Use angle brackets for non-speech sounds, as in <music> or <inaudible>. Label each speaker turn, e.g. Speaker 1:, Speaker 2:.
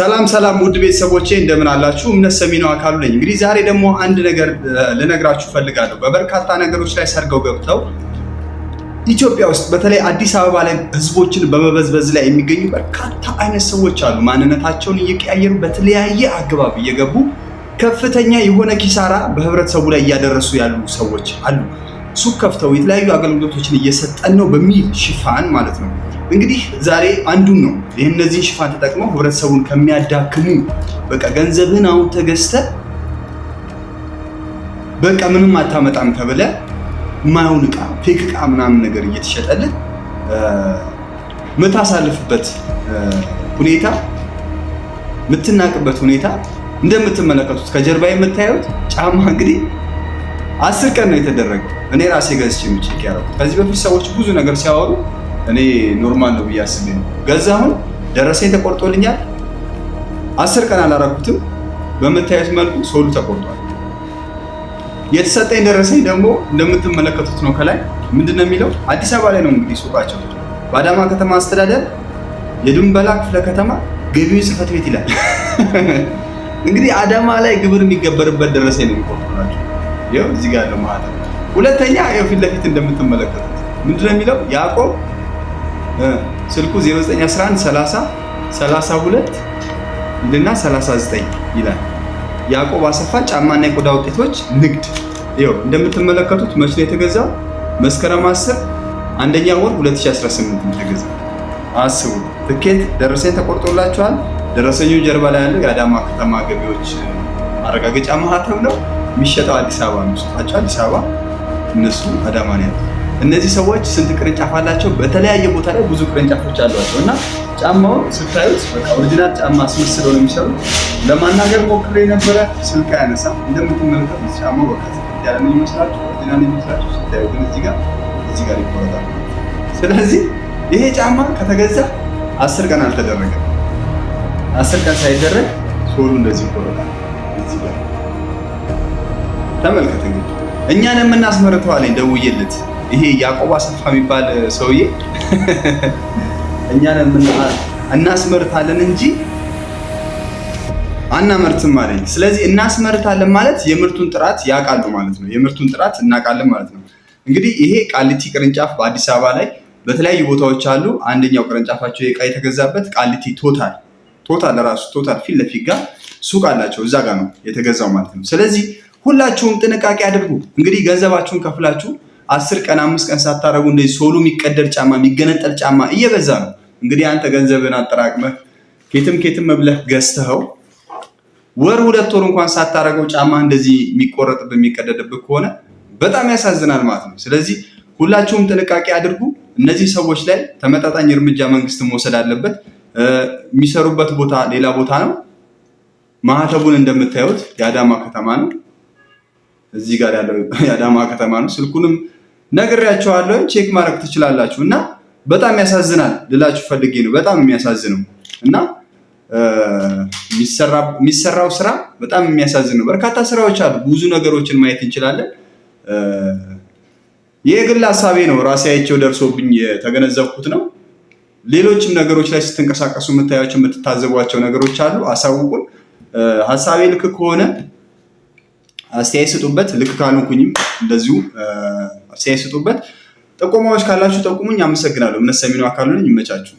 Speaker 1: ሰላም ሰላም ውድ ቤተሰቦቼ እንደምን አላችሁ? እምነት ሰሚ ነው አካሉ ነኝ። እንግዲህ ዛሬ ደግሞ አንድ ነገር ልነግራችሁ ፈልጋለሁ። በበርካታ ነገሮች ላይ ሰርገው ገብተው ኢትዮጵያ ውስጥ በተለይ አዲስ አበባ ላይ ህዝቦችን በመበዝበዝ ላይ የሚገኙ በርካታ አይነት ሰዎች አሉ። ማንነታቸውን እየቀያየሩ በተለያየ አግባብ እየገቡ ከፍተኛ የሆነ ኪሳራ በህብረተሰቡ ላይ እያደረሱ ያሉ ሰዎች አሉ። ሱቅ ከፍተው የተለያዩ አገልግሎቶችን እየሰጠን ነው በሚል ሽፋን ማለት ነው። እንግዲህ ዛሬ አንዱን ነው ይህ እነዚህን ሽፋን ተጠቅመው ህብረተሰቡን ከሚያዳክሙ በቃ ገንዘብህን አሁን ተገዝተህ በቃ ምንም አታመጣም ተብለህ የማይሆን እቃ ፌክ እቃ ምናምን ነገር እየተሸጠልን የምታሳልፍበት ሁኔታ የምትናቅበት ሁኔታ እንደምትመለከቱት ከጀርባ የምታዩት ጫማ እንግዲህ አስር ቀን ነው የተደረገው። እኔ ራሴ ገዝቼ ቼክ ያደረኩት። ከዚህ በፊት ሰዎች ብዙ ነገር ሲያወሩ እኔ ኖርማል ነው ብዬ አስቤ ነው ገዛሁን። ደረሰኝ ተቆርጦልኛል። አስር ቀን አላረኩትም። በምታዩት መልኩ ሶሉ ተቆርጧል። የተሰጠኝ ደረሰኝ ደግሞ እንደምትመለከቱት ነው። ከላይ ምንድን ነው የሚለው? አዲስ አበባ ላይ ነው እንግዲህ ሱቃቸው በአዳማ ከተማ አስተዳደር የድንበላ ክፍለ ከተማ ገቢው ጽህፈት ቤት ይላል። <laughs> እንግዲህ አዳማ ላይ ግብር የሚገበርበት ደረሰኝ ነው የሚቆርጡላቸው ይኸው እዚህ ጋር ያለው ማለት ነው። ሁለተኛ ይኸው ፊት ለፊት እንደምትመለከቱት ምንድን ነው የሚለው ያዕቆብ ስልኩ 0911 30 32 ልና 39 ይላል። ያዕቆብ አሰፋ ጫማና የቆዳ ውጤቶች ንግድ ይኸው እንደምትመለከቱት መቼ ነው የተገዛው? መስከረም 10 አንደኛ ወር 2018 የተገዛው። አስቡ ትኬት ደረሰኝ ተቆርጦላችኋል። ደረሰኙ ጀርባ ላይ ያለው የአዳማ ከተማ ገቢዎች ማረጋገጫ ማህተም ነው። የሚሸጠው አዲስ አበባ ነው። ስጣቸው አዲስ አበባ፣ እነሱ አዳማን ያሉ እነዚህ ሰዎች ስንት ቅርንጫፍ አላቸው? በተለያየ ቦታ ላይ ብዙ ቅርንጫፎች አሏቸው እና ጫማውን ስታዩት በቃ ኦሪጂናል ጫማ አስመስለው ነው የሚሰሩ። ለማናገር ሞክሬ የነበረ ስልክ አያነሳ። እንደምትመለከቱት ጫማው በቃ ያለ ይመስላችሁ፣ ኦሪጂናል ይመስላችሁ፣ ስታዩ ግን እዚህ ጋር እዚህ ጋር ይቆረጣል። ስለዚህ ይሄ ጫማ ከተገዛ አስር ቀን አልተደረገም። አስር ቀን ሳይደረግ ሶሉ እንደዚህ ይቆረጣል እዚህ ጋር ተመልከት እንግዲህ እኛን የምናስመርተው አለኝ ደውዬለት፣ ይሄ ያዕቆብ አሰፋ የሚባል ሰውዬ <laughs> እኛን እናስመርታለን እንጂ አናመርትም አለኝ። ስለዚህ እናስመርታለን ማለት የምርቱን ጥራት ያውቃሉ ማለት ነው። የምርቱን ጥራት እናውቃለን ማለት ነው። እንግዲህ ይሄ ቃሊቲ ቅርንጫፍ በአዲስ አበባ ላይ በተለያዩ ቦታዎች አሉ። አንደኛው ቅርንጫፋቸው የቃ የተገዛበት ቃሊቲ ቶታል ቶታል ራሱ ቶታል ፊት ለፊት ጋር ሱቅ አላቸው። እዛ ጋር ነው የተገዛው ማለት ነው። ስለዚህ ሁላችሁም ጥንቃቄ አድርጉ። እንግዲህ ገንዘባችሁን ከፍላችሁ አስር ቀን አምስት ቀን ሳታረጉ እንደዚህ ሶሉ የሚቀደድ ጫማ የሚገነጠል ጫማ እየበዛ ነው። እንግዲህ አንተ ገንዘብን አጠራቅመህ ኬትም ኬትም መብለህ ገዝተኸው ወር ሁለት ወር እንኳን ሳታረገው ጫማ እንደዚህ የሚቆረጥብህ የሚቀደድብህ ከሆነ በጣም ያሳዝናል ማለት ነው። ስለዚህ ሁላችሁም ጥንቃቄ አድርጉ። እነዚህ ሰዎች ላይ ተመጣጣኝ እርምጃ መንግስት መውሰድ አለበት። የሚሰሩበት ቦታ ሌላ ቦታ ነው። ማህተቡን እንደምታዩት የአዳማ ከተማ ነው። እዚህ ጋር ያለው የአዳማ ከተማ ነው። ስልኩንም ነግሬያቸዋለሁ፣ ቼክ ማድረግ ትችላላችሁ። እና በጣም ያሳዝናል ልላችሁ ፈልጌ ነው። በጣም የሚያሳዝነው እና የሚሰራው ስራ በጣም የሚያሳዝን ነው። በርካታ ስራዎች አሉ። ብዙ ነገሮችን ማየት እንችላለን። ግል ሀሳቤ ነው፣ ራሴ አይቼው ደርሶብኝ የተገነዘብኩት ነው። ሌሎችም ነገሮች ላይ ስትንቀሳቀሱ የምታያቸው የምትታዘቧቸው ነገሮች አሉ። አሳውቁን። ሀሳቤ ልክ ከሆነ አስተያየት ስጡበት። ልክ ካልሆንኩኝም እንደዚሁ አስተያየት ስጡበት። ጠቆማዎች ካላችሁ ጠቁሙኝ። አመሰግናለሁ። እምነት ሰሚ ነው አካል ይመቻችሁ።